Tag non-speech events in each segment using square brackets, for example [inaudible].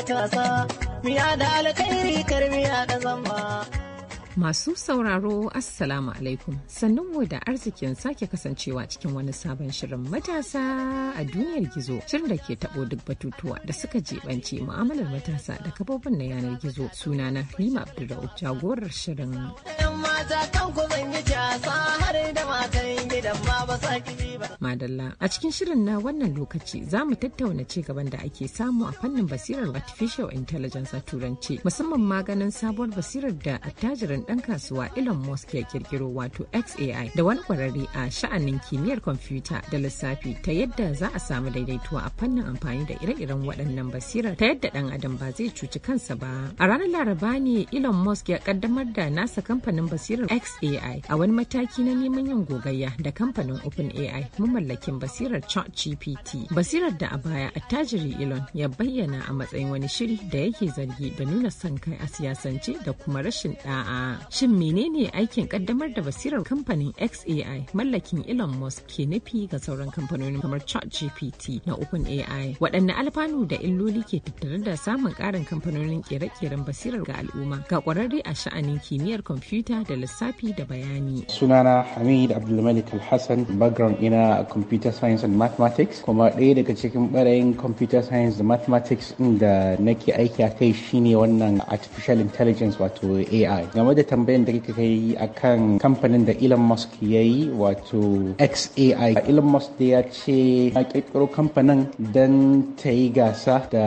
matasa, da alkhairi da zamba. Masu sauraro Assalamu alaikum sannan mu da arzikin sake kasancewa cikin wani sabon shirin matasa a duniyar gizo shirin da ke taɓo duk batutuwa da suka jibanci mu'amalar matasa da kabobin na yanar gizo Suna na Rima Abdullahi, jagorar shirin. mata kan ku gidan ma madalla a cikin shirin na wannan lokaci za mu tattauna ci gaban da ake samu a fannin basirar artificial intelligence a turanci musamman maganin sabuwar basirar da attajirin dan kasuwa Elon Musk ya kirkiro wato XAI da wani kwararre a sha'anin kimiyyar kwamfuta da lissafi ta yadda za a samu daidaito a fannin amfani da ire-iren waɗannan basirar ta yadda dan adam ba zai cuci kansa ba a ranar laraba ne Elon Musk ya kaddamar da nasa kamfanin basirar XAI a wani mataki na neman yin gogayya da kamfanin OpenAI Muhammad Mallakin basirar ChatGPT. Basirar da a baya attajiri Elon ya bayyana a matsayin wani shiri da yake zargi da nuna son kai a siyasance da kuma rashin da'a. Shin menene aikin kaddamar da basirar kamfanin XAI mallakin Elon Musk ke nufi ga sauran kamfanoni kamar ChatGPT na OpenAI? Waɗanne alfanu da illoli ke tattare da samun ƙarin kamfanonin ƙere-ƙeren basirar ga al'umma ga ƙwararre a sha'anin kimiyyar kwamfuta da lissafi da bayani. Sunana Hamid Abdulmalik hassan background ina computer science and mathematics kuma ɗaya daga cikin ɓarayin computer science da mathematics ɗin da nake aiki a kai shine wannan artificial intelligence wato AI game da tambayan da kika kai akan kamfanin da Elon Musk ya yi wato XAI Elon Musk da ya ce a ƙirƙiro kamfanin don ta yi gasa da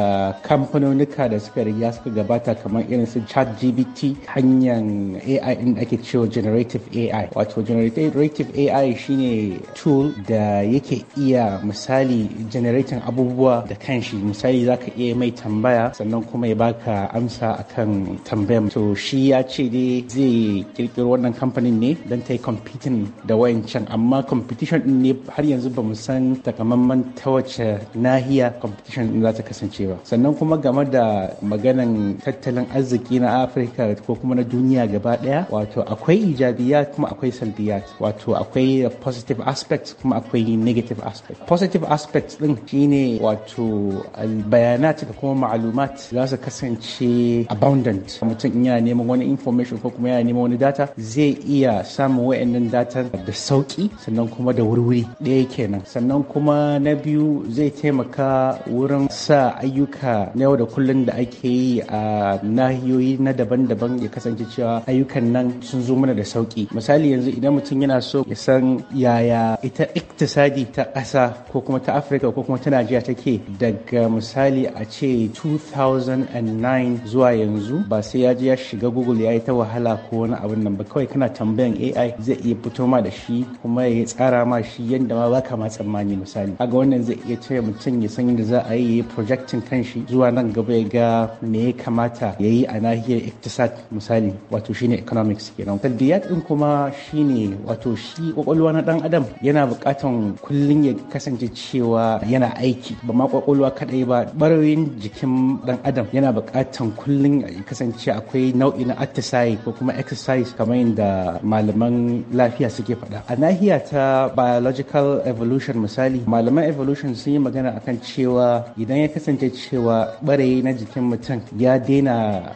kamfanonika da suka riga suka gabata kamar irin su ChatGPT hanyar AI ɗin ake cewa generative AI wato generative AI shine tool da yake iya misali generating abubuwa da kanshi misali zaka iya mai tambaya sannan kuma ya baka amsa akan tambayar to shi ya ce dai zai kirkiro wannan kamfanin ne don ta yi competing da wayancan amma competition din ne har yanzu ba mu san takamaiman ta wace nahiya competition din za ta kasance ba sannan kuma game da maganan tattalin arziki na afirka ko kuma na duniya gaba daya wato akwai ijabiya kuma akwai salbiya wato akwai positive aspect kuma akwai akwai negative aspect positive aspect din shine wato bayanat da kuma ma'alumat za su kasance abundant mutum in yana neman wani information ko kuma yana neman wani data zai iya samun wayannan data da sauki sannan kuma da wurwuri ɗaya kenan sannan kuma na biyu zai taimaka wurin sa ayyuka na yau da kullum da ake yi a nahiyoyi na daban-daban ya kasance cewa ayyukan nan sun zo mana da sauki misali yanzu idan mutum yana so ya san yaya ita iktis misali ta ƙasa ko kuma ta afirka ko kuma ta najeriya take daga misali a ce 2009 zuwa yanzu ba sai ya je ya shiga google ya yi ta wahala ko wani abin nan ba kawai kana tambayan ai zai iya fito ma da shi kuma ya tsara ma shi yadda ma baka ma tsammani misali a ga wannan zai iya ce mutum ya san yadda za a yi projectin shi zuwa nan gaba ya ga me ya kamata ya yi a nahiyar iktisad misali wato shine economics kenan tarbiyat din kuma shine wato shi kwakwalwa na dan adam yana bukatan son kullum ya kasance cewa yana aiki ba ma kwakwalwa kadai ba barayin jikin dan adam yana bukatan kullum ya kasance akwai nau'i na atisaye ko kuma exercise kamar yadda malaman lafiya suke faɗa a nahiya ta biological evolution misali malaman evolution sun yi magana akan cewa idan ya kasance cewa barayi na jikin mutum ya daina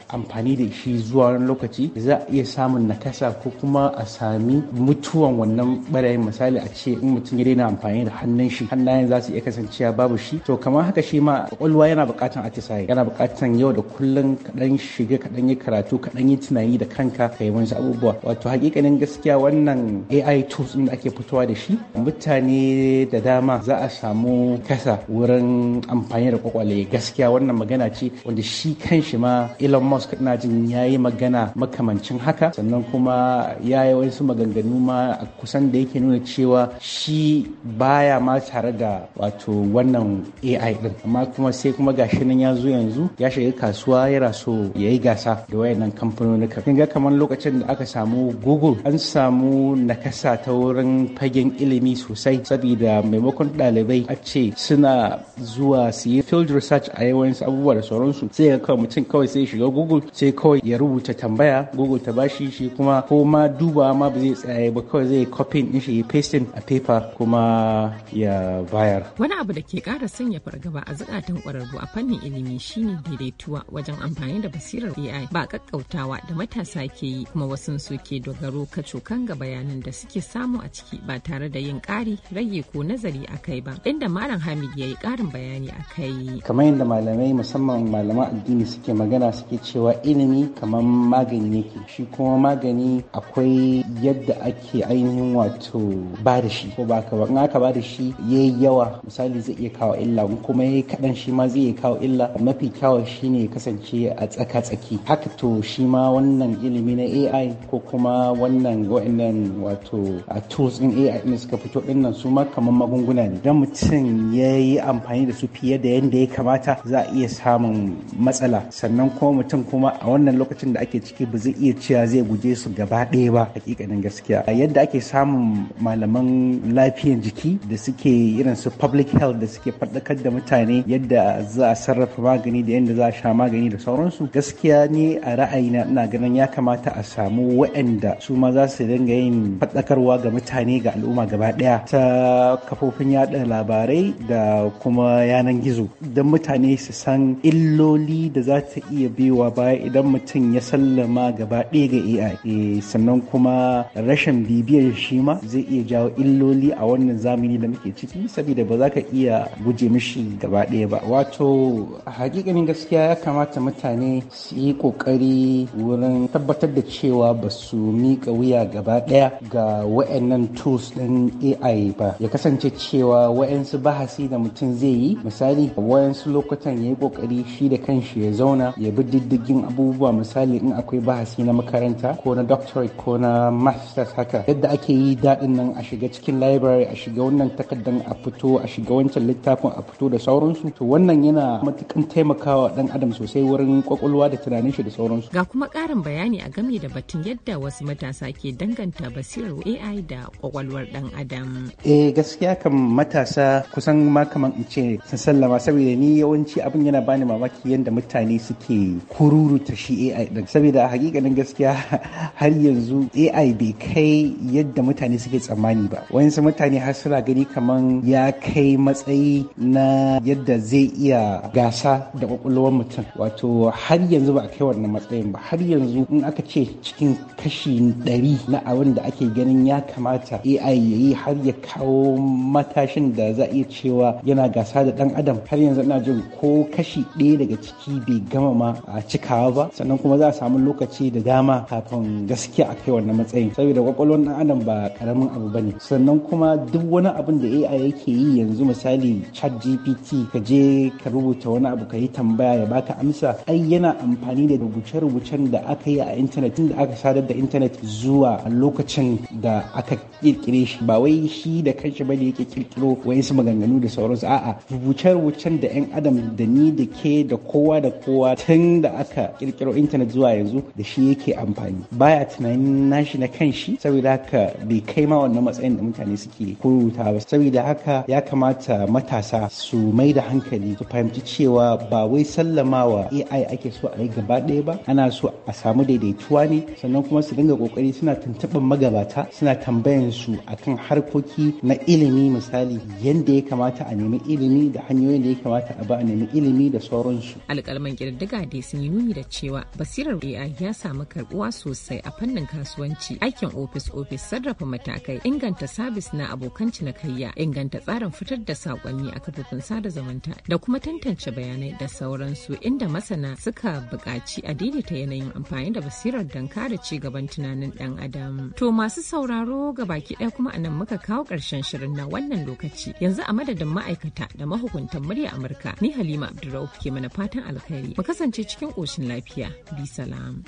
amfani da shi zuwa wani lokaci za a iya samun nakasa ko kuma a sami mutuwan wannan barayin misali a ce in mutum ya daina amfani da hannun shi hannayen za su iya kasancewa babu shi to kamar haka shi ma kwakwalwa yana bukatan atisaye yana bukatan yau da kullum kaɗan shiga kaɗan yi karatu kaɗan yi tunani da kanka ka yi wani abubuwa wato hakikanin gaskiya wannan AI tools din da ake fitowa da shi mutane da dama za a samu kasa wurin amfani da kwakwale eh, gaskiya wannan magana ce wanda shi kanshi ma Elon Musk na jin yayi magana makamancin haka sannan kuma yayi wasu maganganu ma kusan da yake nuna cewa shi baya ma tare da wato wannan AI din amma kuma sai kuma gashi nan ya zo yanzu ya shiga kasuwa ya so ya yi gasa da wayannan kamfanoni kan ga kamar lokacin da aka samu Google an samu nakasa ta wurin fagen ilimi sosai saboda maimakon ɗalibai a ce suna zuwa su yi field research a yawan abubuwa da sauransu sai ga kawai mutum kawai sai shiga Google sai kawai ya rubuta tambaya Google ta bashi shi kuma ko ma duba ma ba zai tsaya ba kawai zai copy din shi ya pasting a paper ko kuma ya bayar. Wani abu da ke ƙara sanya fargaba a zukatan ƙwararru a fannin ilimi shine daidaituwa wajen amfani da basirar AI ba kakkautawa da matasa ke yi kuma wasu su ke dogaro kacokan ga bayanan da suke samu a ciki ba tare da yin ƙari rage ko nazari a kai ba inda malam Hamid ya yi ƙarin bayani a kai. Kamar yadda malamai musamman malaman addini suke magana suke cewa ilimi kamar magani yake shi kuma magani akwai yadda ake ainihin wato ba da shi ko ba ka ba in aka ba da shi yi yawa misali zai iya kawo illa kuma ya yi kaɗan shi ma zai iya kawo illa mafi kyawun ne ya kasance a tsaka-tsaki haka to shi ma wannan ilimi na AI ko kuma wannan wa'annan wato a tools AI ne suka fito ɗinnan nan su ma kamar magunguna ne don mutum ya yi amfani da su fiye da yadda ya kamata za a iya samun matsala sannan kuma mutum kuma a wannan lokacin da ake ciki ba zai iya cewa zai guje su gaba ɗaya ba hakikanin gaskiya yadda ake samun malaman lafiya lafiyan jiki da suke irin su public health da suke faɗakar da mutane yadda za a sarrafa magani da yadda za a sha magani da sauransu gaskiya ne a ra'ayina ina ganin ya kamata a samu waɗanda su ma za su dinga yin faɗakarwa ga mutane ga al'umma gaba ɗaya ta kafofin yaɗa labarai da kuma yanan gizo don mutane su san illoli da za ta iya biyowa baya idan mutum ya sallama gaba ɗaya ga AI eh, sannan kuma rashin bibiyar shi ma zai iya jawo illoli a wannan zamani da muke ciki saboda ba za ka iya guje mishi gaba ɗaya ba wato hakikanin gaskiya ya kamata mutane su yi kokari wurin tabbatar da cewa ba su miƙa wuya gaba ɗaya ga wa'annan tools ɗin ai ba ya kasance cewa wa'ansu bahasi da mutum zai yi misali wa'ansu lokutan ya yi kokari shi da kanshi ya zauna ya bi diddigin abubuwa misali in akwai bahasi na makaranta ko na doctorate ko na masters haka yadda ake yi daɗin nan a shiga cikin library a shiga wannan takardan a fito a shiga wancan littafin a fito da sauransu to wannan yana matukan taimakawa dan adam sosai wurin kwakwalwa da tunanin shi da sauransu ga kuma karin bayani a game da batun yadda wasu matasa ke danganta basirar AI da kwakwalwar dan adam eh gaskiya kan matasa kusan ma kaman in ce sun sallama saboda ni yawanci abin yana bani mamaki yadda mutane suke kururuta shi AI din saboda hakikanin gaskiya [laughs] har yanzu AI bai kai yadda mutane suke tsammani ba wayansu mutane mutane har suna gani kaman ya kai matsayi na yadda zai iya gasa da kwakwalwar mutum wato har yanzu ba a kai wannan matsayin ba har yanzu in aka ce cikin kashi ɗari na abin da ake ganin ya kamata ai ya yi har ya kawo matashin da za a iya cewa yana gasa da ɗan adam har yanzu ina jin ko kashi ɗaya daga ciki bai gama ma a cikawa ba sannan kuma za a samu lokaci da dama kafin gaskiya a kai wannan matsayin saboda kwakwalwar ɗan adam ba karamin abu ba ne sannan kuma duk wani abin da AI yake yi yanzu misali chat GPT ka je ka rubuta wani abu ka yi tambaya ya baka amsa ai yana amfani da rubuce-rubucen da aka yi a intanet tun da aka sadar da intanet zuwa lokacin da aka kirkire shi ba wai shi da kanshi ba bane yake kirkiro su maganganu da sauransu a'a rubuce-rubucen da yan adam da ni da ke da kowa da kowa tun da aka kirkiro intanet zuwa yanzu da shi yake amfani baya tunanin nashi na kanshi saboda haka bai kai ma wannan matsayin da mutane suke ko kuruta ba saboda haka ya kamata matasa su mai da hankali su fahimci cewa ba wai sallamawa AI ake so a yi gaba ɗaya ba ana so a samu daidaituwa ne sannan kuma su dinga kokari suna tuntuɓin magabata suna tambayan su akan harkoki na ilimi misali yadda ya kamata a nemi ilimi da hanyoyin da ya kamata a ba a nemi ilimi da sauransu. Alƙalman ƙirƙirga dai sun yi nuni da cewa basirar AI ya samu karɓuwa sosai a fannin kasuwanci aikin ofis ofis sarrafa matakai inganta sabis na abokan cinikayya inganta tsarin fitar da sakonni a kafofin sada zumunta da kuma tantance bayanai da sauransu inda masana suka buƙaci a daidaita yanayin amfani da basirar don kare ci gaban tunanin ɗan adam. To masu sauraro ga baki ɗaya kuma anan muka kawo ƙarshen shirin na wannan lokaci yanzu a madadin ma'aikata da mahukuntan murya Amurka ni Halima Abdurrauf ke mana fatan alkhairi mu kasance cikin ƙoshin lafiya bi salam.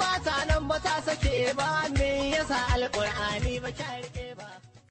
ba ta nan ba ta sake ba me yasa alƙur'ani ba